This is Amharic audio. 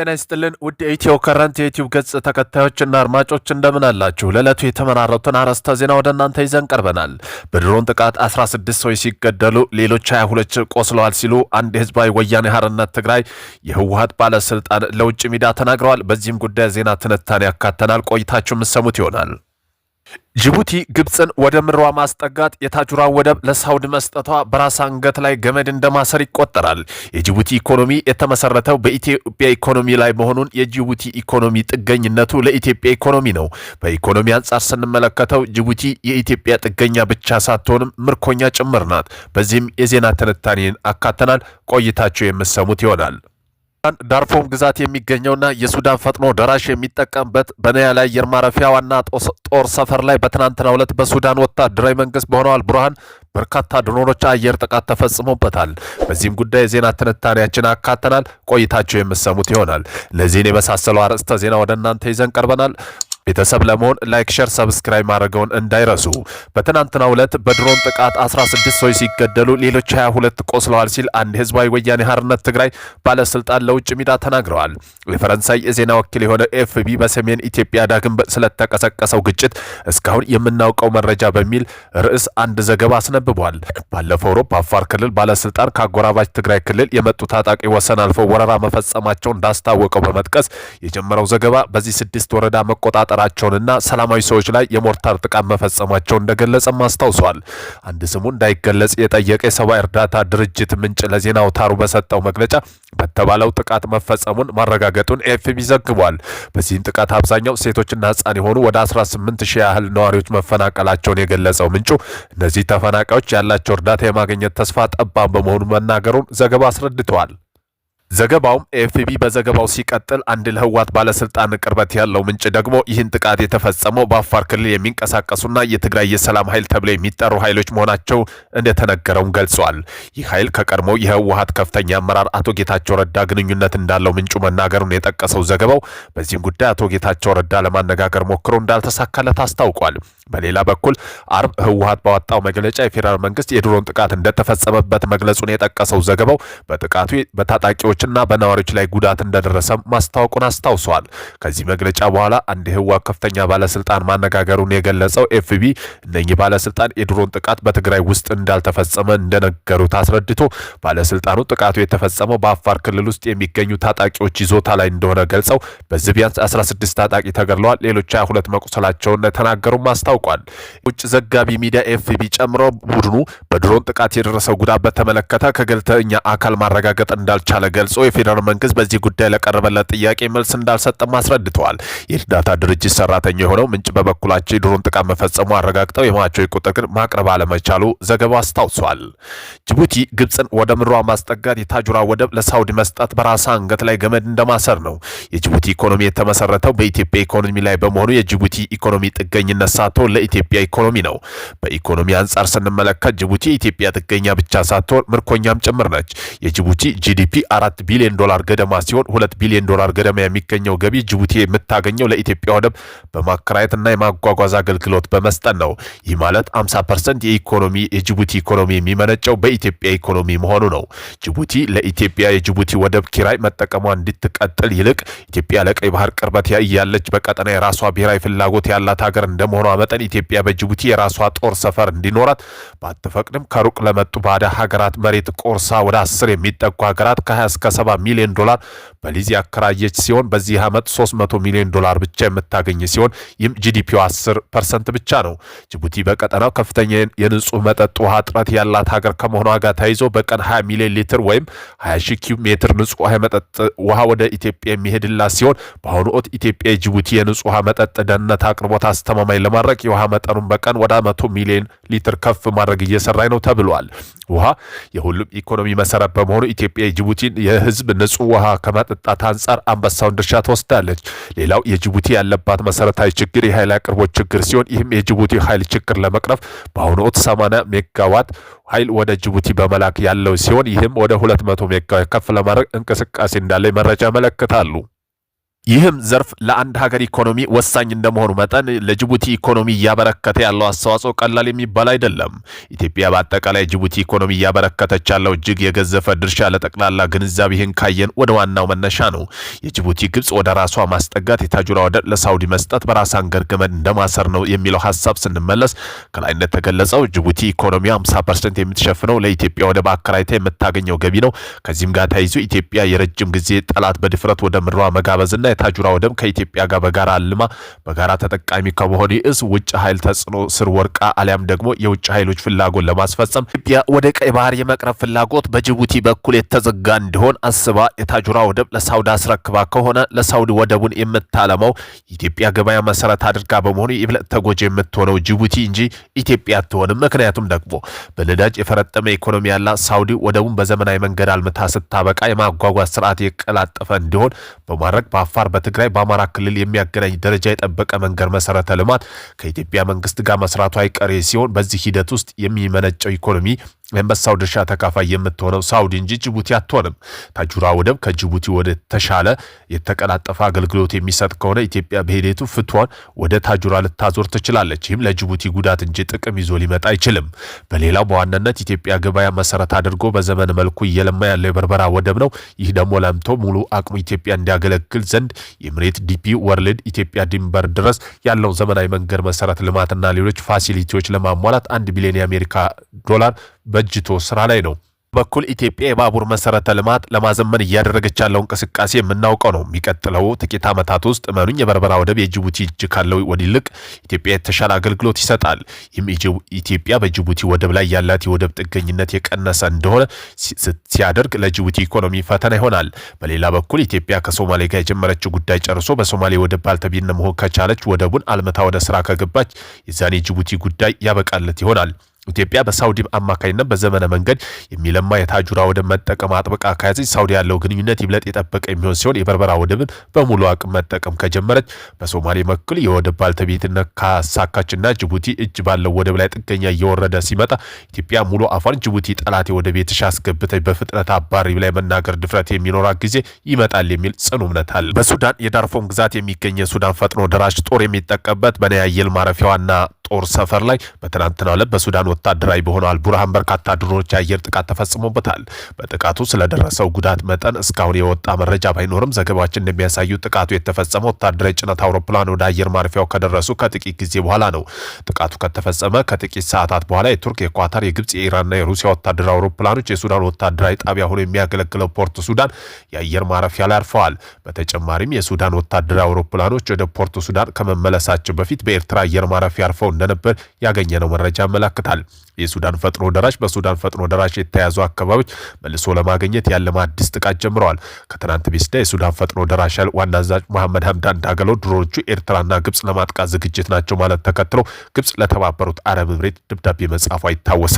ጤና ይስጥልን ውድ የኢትዮ ከረንት የዩትዩብ ገጽ ተከታዮችና አድማጮች እንደምን አላችሁ? ለዕለቱ የተመራረቱን አርዕስተ ዜና ወደ እናንተ ይዘን ቀርበናል። በድሮን ጥቃት 16 ሰዎች ሲገደሉ ሌሎች 22 ቆስለዋል ሲሉ አንድ የህዝባዊ ወያኔ ሓርነት ትግራይ የህወሀት ባለስልጣን ለውጭ ሚዲያ ተናግረዋል። በዚህም ጉዳይ ዜና ትንታኔ ያካተናል። ቆይታችሁ የምትሰሙት ይሆናል። ጅቡቲ ግብፅን ወደ ምድሯ ማስጠጋት የታጁራን ወደብ ለሳውድ መስጠቷ በራስ አንገት ላይ ገመድ እንደማሰር ይቆጠራል። የጅቡቲ ኢኮኖሚ የተመሰረተው በኢትዮጵያ ኢኮኖሚ ላይ መሆኑን የጅቡቲ ኢኮኖሚ ጥገኝነቱ ለኢትዮጵያ ኢኮኖሚ ነው። በኢኮኖሚ አንጻር ስንመለከተው ጅቡቲ የኢትዮጵያ ጥገኛ ብቻ ሳትሆንም ምርኮኛ ጭምር ናት። በዚህም የዜና ትንታኔን አካተናል። ቆይታቸው የምሰሙት ይሆናል። ዳርፎም ግዛት የሚገኘውና የሱዳን ፈጥኖ ደራሽ የሚጠቀምበት በኒያላ አየር ማረፊያ ዋና ጦር ሰፈር ላይ በትናንትና ዕለት በሱዳን ወታደራዊ መንግስት በሆነው አልቡርሃን በርካታ ድሮኖች አየር ጥቃት ተፈጽሞበታል። በዚህም ጉዳይ የዜና ትንታኔያችን አካተናል። ቆይታቸው የምሰሙት ይሆናል። እነዚህን የመሳሰሉ አርዕስተ ዜና ወደ እናንተ ይዘን ቀርበናል። ቤተሰብ ለመሆን ላይክ፣ ሸር፣ ሰብስክራይብ ማድረገውን እንዳይረሱ። በትናንትናው ዕለት በድሮን ጥቃት 16 ሰዎች ሲገደሉ ሌሎች 22 ቆስለዋል ሲል አንድ ህዝባዊ ወያኔ ሀርነት ትግራይ ባለስልጣን ለውጭ ሚዳ ተናግረዋል። የፈረንሳይ የዜና ወኪል የሆነ ኤፍቢ በሰሜን ኢትዮጵያ ዳግም ስለተቀሰቀሰው ግጭት እስካሁን የምናውቀው መረጃ በሚል ርዕስ አንድ ዘገባ አስነብቧል። ባለፈው ሮብ በአፋር ክልል ባለስልጣን ከአጎራባች ትግራይ ክልል የመጡ ታጣቂ ወሰን አልፈው ወረራ መፈጸማቸው እንዳስታወቀው በመጥቀስ የጀመረው ዘገባ በዚህ ስድስት ወረዳ መቆጣጠር መፍጠራቸውንና ሰላማዊ ሰዎች ላይ የሞርታር ጥቃት መፈጸማቸውን እንደገለጸም አስታውሰዋል። አንድ ስሙ እንዳይገለጽ የጠየቀ የሰብአዊ እርዳታ ድርጅት ምንጭ ለዜና አውታሩ በሰጠው መግለጫ በተባለው ጥቃት መፈጸሙን ማረጋገጡን ኤፍቢ ዘግቧል። በዚህም ጥቃት አብዛኛው ሴቶችና ህጻን የሆኑ ወደ 18 ሺህ ያህል ነዋሪዎች መፈናቀላቸውን የገለጸው ምንጩ እነዚህ ተፈናቃዮች ያላቸው እርዳታ የማግኘት ተስፋ ጠባብ በመሆኑ መናገሩን ዘገባ አስረድተዋል። ዘገባውም ኤፍቢ በዘገባው ሲቀጥል አንድ ለህዋት ባለስልጣን ቅርበት ያለው ምንጭ ደግሞ ይህን ጥቃት የተፈጸመው በአፋር ክልል የሚንቀሳቀሱና የትግራይ የሰላም ኃይል ተብለው የሚጠሩ ኃይሎች መሆናቸው እንደተነገረውም ገልጿል። ይህ ኃይል ከቀድሞ የህወሀት ከፍተኛ አመራር አቶ ጌታቸው ረዳ ግንኙነት እንዳለው ምንጩ መናገሩን የጠቀሰው ዘገባው በዚህም ጉዳይ አቶ ጌታቸው ረዳ ለማነጋገር ሞክሮ እንዳልተሳካለት አስታውቋል። በሌላ በኩል አርብ ህወሀት ባወጣው መግለጫ የፌዴራል መንግስት የድሮን ጥቃት እንደተፈጸመበት መግለጹን የጠቀሰው ዘገባው በጥቃቱ በታጣቂዎችና በነዋሪዎች ላይ ጉዳት እንደደረሰ ማስታወቁን አስታውሰዋል። ከዚህ መግለጫ በኋላ አንድ የህወሀት ከፍተኛ ባለስልጣን ማነጋገሩን የገለጸው ኤፍቢ እነኚህ ባለስልጣን የድሮን ጥቃት በትግራይ ውስጥ እንዳልተፈጸመ እንደነገሩት አስረድቶ ባለስልጣኑ ጥቃቱ የተፈጸመው በአፋር ክልል ውስጥ የሚገኙ ታጣቂዎች ይዞታ ላይ እንደሆነ ገልጸው በዚህ ቢያንስ 16 ታጣቂ ተገድለዋል፣ ሌሎች 22 መቁሰላቸውን ተናገሩም አስታው አስታውቋል። ውጭ ዘጋቢ ሚዲያ ኤፍቢ ጨምሮ ቡድኑ በድሮን ጥቃት የደረሰው ጉዳት በተመለከተ ከገለልተኛ አካል ማረጋገጥ እንዳልቻለ ገልጾ የፌዴራል መንግስት በዚህ ጉዳይ ለቀረበለት ጥያቄ መልስ እንዳልሰጠም አስረድተዋል። የእርዳታ ድርጅት ሰራተኛ የሆነው ምንጭ በበኩላቸው የድሮን ጥቃት መፈጸሙ አረጋግጠው የማቸው ቁጥር ግን ማቅረብ አለመቻሉ ዘገባው አስታውሷል። ጅቡቲ ግብፅን ወደ ምድሯ ማስጠጋት የታጁራ ወደብ ለሳውዲ መስጠት በራስ አንገት ላይ ገመድ እንደማሰር ነው። የጅቡቲ ኢኮኖሚ የተመሰረተው በኢትዮጵያ ኢኮኖሚ ላይ በመሆኑ የጅቡቲ ኢኮኖሚ ጥገኝነት ሳቶ ለኢትዮጵያ ኢኮኖሚ ነው። በኢኮኖሚ አንጻር ስንመለከት ጅቡቲ የኢትዮጵያ ጥገኛ ብቻ ሳትሆን ምርኮኛም ጭምር ነች። የጅቡቲ ጂዲፒ አራት ቢሊዮን ዶላር ገደማ ሲሆን ሁለት ቢሊዮን ዶላር ገደማ የሚገኘው ገቢ ጅቡቲ የምታገኘው ለኢትዮጵያ ወደብ በማከራየት እና የማጓጓዝ አገልግሎት በመስጠት ነው። ይህ ማለት 50 ፐርሰንት የኢኮኖሚ የጅቡቲ ኢኮኖሚ የሚመነጨው በኢትዮጵያ ኢኮኖሚ መሆኑ ነው። ጅቡቲ ለኢትዮጵያ የጅቡቲ ወደብ ኪራይ መጠቀሟ እንድትቀጥል ይልቅ ኢትዮጵያ ለቀይ ባህር ቅርበት ያለች በቀጠና የራሷ ብሔራዊ ፍላጎት ያላት ሀገር እንደመሆኗ መጠን መጠን ኢትዮጵያ በጅቡቲ የራሷ ጦር ሰፈር እንዲኖራት ባትፈቅድም ከሩቅ ለመጡ ባደ ሀገራት መሬት ቆርሳ ወደ አስር የሚጠጉ ሀገራት ከ20 እስከ 70 ሚሊዮን ዶላር በሊዝ ያከራየች ሲሆን በዚህ ዓመት 300 ሚሊዮን ዶላር ብቻ የምታገኝ ሲሆን ይህም ጂዲፒው 10 ፐርሰንት ብቻ ነው። ጅቡቲ በቀጠናው ከፍተኛ የንጹህ መጠጥ ውሃ እጥረት ያላት ሀገር ከመሆኗ ጋር ተያይዞ በቀን 20 ሚሊዮን ሊትር ወይም 20 ሺ ኪዩብ ሜትር ንጹህ ውሃ የመጠጥ ውሃ ወደ ኢትዮጵያ የሚሄድላት ሲሆን በአሁኑ ወቅት ኢትዮጵያ የጅቡቲ የንጹህ ውሃ መጠጥ ደህንነት አቅርቦት አስተማማኝ ለማድረግ የውሃ መጠኑን በቀን ወደ መቶ ሚሊዮን ሊትር ከፍ ማድረግ እየሰራኝ ነው ተብሏል። ውሃ የሁሉም ኢኮኖሚ መሰረት በመሆኑ ኢትዮጵያ የጅቡቲን የህዝብ ንጹህ ውሃ ከማጠጣት አንጻር አንበሳውን ድርሻ ትወስዳለች። ሌላው የጅቡቲ ያለባት መሰረታዊ ችግር የኃይል አቅርቦት ችግር ሲሆን ይህም የጅቡቲ ኃይል ችግር ለመቅረፍ በአሁኑ ወቅት 80 ሜጋዋት ኃይል ወደ ጅቡቲ በመላክ ያለው ሲሆን ይህም ወደ 200 ሜጋዋት ከፍ ለማድረግ እንቅስቃሴ እንዳለ መረጃ ያመለክታሉ። ይህም ዘርፍ ለአንድ ሀገር ኢኮኖሚ ወሳኝ እንደመሆኑ መጠን ለጅቡቲ ኢኮኖሚ እያበረከተ ያለው አስተዋጽኦ ቀላል የሚባል አይደለም። ኢትዮጵያ በአጠቃላይ ጅቡቲ ኢኮኖሚ እያበረከተች ያለው እጅግ የገዘፈ ድርሻ ለጠቅላላ ግንዛቤህን ካየን ወደ ዋናው መነሻ ነው። የጅቡቲ ግብፅ ወደ ራሷ ማስጠጋት፣ የታጁራ ወደብ ለሳውዲ መስጠት በራሳን ገርግመን እንደማሰር ነው የሚለው ሀሳብ ስንመለስ ከላይ እንደተገለጸው ጅቡቲ ኢኮኖሚ 50 ፐርሰንት የምትሸፍነው ለኢትዮጵያ ወደብ አከራይታ የምታገኘው ገቢ ነው። ከዚህም ጋር ተያይዞ ኢትዮጵያ የረጅም ጊዜ ጠላት በድፍረት ወደ ምድሯ መጋበዝና የታጁራ ወደብ ከኢትዮጵያ ጋር በጋራ አልማ በጋራ ተጠቃሚ ከመሆን ይእስ ውጭ ኃይል ተጽዕኖ ስር ወርቃ አሊያም ደግሞ የውጭ ኃይሎች ፍላጎት ለማስፈጸም ኢትዮጵያ ወደ ቀይ ባህር የመቅረብ ፍላጎት በጅቡቲ በኩል የተዘጋ እንዲሆን አስባ የታጁራ ወደብ ለሳውዲ አስረክባ ከሆነ ለሳውዲ ወደቡን የምታለመው ኢትዮጵያ ገበያ መሰረት አድርጋ በመሆኑ ይብለጥ ተጎጂ የምትሆነው ጅቡቲ እንጂ ኢትዮጵያ አትሆንም። ምክንያቱም ደግሞ በነዳጅ የፈረጠመ ኢኮኖሚ ያላት ሳውዲ ወደቡን በዘመናዊ መንገድ አልምታ ስታበቃ የማጓጓዝ ስርዓት የቀላጠፈ እንዲሆን በማድረግ በአፋ በአፋር በትግራይ በአማራ ክልል የሚያገናኝ ደረጃ የጠበቀ መንገድ መሰረተ ልማት ከኢትዮጵያ መንግስት ጋር መስራቱ አይቀሬ ሲሆን በዚህ ሂደት ውስጥ የሚመነጨው ኢኮኖሚ የአንበሳው ድርሻ ተካፋይ የምትሆነው ሳውዲ እንጂ ጅቡቲ አትሆንም። ታጁራ ወደብ ከጅቡቲ ወደ ተሻለ የተቀላጠፈ አገልግሎት የሚሰጥ ከሆነ ኢትዮጵያ በሂደቱ ፍትዋን ወደ ታጁራ ልታዞር ትችላለች። ይህም ለጅቡቲ ጉዳት እንጂ ጥቅም ይዞ ሊመጣ አይችልም። በሌላው በዋናነት ኢትዮጵያ ገበያ መሰረት አድርጎ በዘመን መልኩ እየለማ ያለው የበርበራ ወደብ ነው። ይህ ደግሞ ለምቶ ሙሉ አቅሙ ኢትዮጵያ እንዲያገለግል ዘንድ የምሬት ዲፒ ወርልድ ኢትዮጵያ ድንበር ድረስ ያለውን ዘመናዊ መንገድ መሰረት ልማትና ሌሎች ፋሲሊቲዎች ለማሟላት አንድ ቢሊዮን የአሜሪካ ዶላር በጅቶ ስራ ላይ ነው በኩል ኢትዮጵያ የባቡር መሰረተ ልማት ለማዘመን እያደረገች ያለው እንቅስቃሴ የምናውቀው ነው። የሚቀጥለው ጥቂት ዓመታት ውስጥ መኑኝ የበርበራ ወደብ የጅቡቲ እጅ ካለው ወዲልቅ ኢትዮጵያ የተሻለ አገልግሎት ይሰጣል። ይህም ኢትዮጵያ በጅቡቲ ወደብ ላይ ያላት የወደብ ጥገኝነት የቀነሰ እንደሆነ ሲያደርግ ለጅቡቲ ኢኮኖሚ ፈተና ይሆናል። በሌላ በኩል ኢትዮጵያ ከሶማሌ ጋር የጀመረችው ጉዳይ ጨርሶ በሶማሌ ወደብ ባልተቢነ መሆን ከቻለች ወደቡን አልምታ ወደ ስራ ከገባች የዛኔ ጅቡቲ ጉዳይ ያበቃለት ይሆናል። ኢትዮጵያ በሳውዲ አማካኝነት በዘመነ መንገድ የሚለማ የታጁራ ወደብ መጠቀም አጥብቃ ከያዘች ሳውዲ ያለው ግንኙነት ይብለጥ የጠበቀ የሚሆን ሲሆን የበርበራ ወደብን በሙሉ አቅም መጠቀም ከጀመረች በሶማሌ መክል የወደብ ባልተቤትነት ካሳካችና ጅቡቲ እጅ ባለው ወደብ ላይ ጥገኛ እየወረደ ሲመጣ ኢትዮጵያ ሙሉ አፏን ጅቡቲ ጠላቴ ወደ ቤትሽ አስገብተች በፍጥነት አባሪ ላይ መናገር ድፍረት የሚኖራት ጊዜ ይመጣል የሚል ጽኑ እምነት አለ። በሱዳን የዳርፎን ግዛት የሚገኝ የሱዳን ፈጥኖ ደራሽ ጦር የሚጠቀምበት በናያየል ማረፊያዋና ጦር ሰፈር ላይ በትናንትናው ዕለት በሱዳን ወታደራዊ በሆነው አልቡርሃን በርካታ ድሮኖች የአየር ጥቃት ተፈጽሞበታል። በጥቃቱ ስለደረሰው ጉዳት መጠን እስካሁን የወጣ መረጃ ባይኖርም ዘገባችን እንደሚያሳዩ ጥቃቱ የተፈጸመ ወታደራዊ ጭነት አውሮፕላን ወደ አየር ማረፊያው ከደረሱ ከጥቂት ጊዜ በኋላ ነው። ጥቃቱ ከተፈጸመ ከጥቂት ሰዓታት በኋላ የቱርክ፣ የኳታር፣ የግብፅ፣ የኢራንና የሩሲያ ወታደራዊ አውሮፕላኖች የሱዳን ወታደራዊ ጣቢያ ሆኖ የሚያገለግለው ፖርት ሱዳን የአየር ማረፊያ ላይ አርፈዋል። በተጨማሪም የሱዳን ወታደራዊ አውሮፕላኖች ወደ ፖርት ሱዳን ከመመለሳቸው በፊት በኤርትራ አየር ማረፊያ አርፈው እንደነበር ያገኘነው መረጃ ያመላክታል። የሱዳን ፈጥኖ ደራሽ በሱዳን ፈጥኖ ደራሽ የተያዙ አካባቢዎች መልሶ ለማግኘት ያለመ አዲስ ጥቃት ጀምረዋል። ከትናንት በስቲያ የሱዳን ፈጥኖ ደራሽ ኃይል ዋና አዛዥ መሐመድ ሀምዳን ዳገሎ ድሮቹ ኤርትራና ግብፅ ለማጥቃት ዝግጅት ናቸው ማለት ተከትለው ግብፅ ለተባበሩት አረብ እምሬት ደብዳቤ መጻፏ ይታወሳል።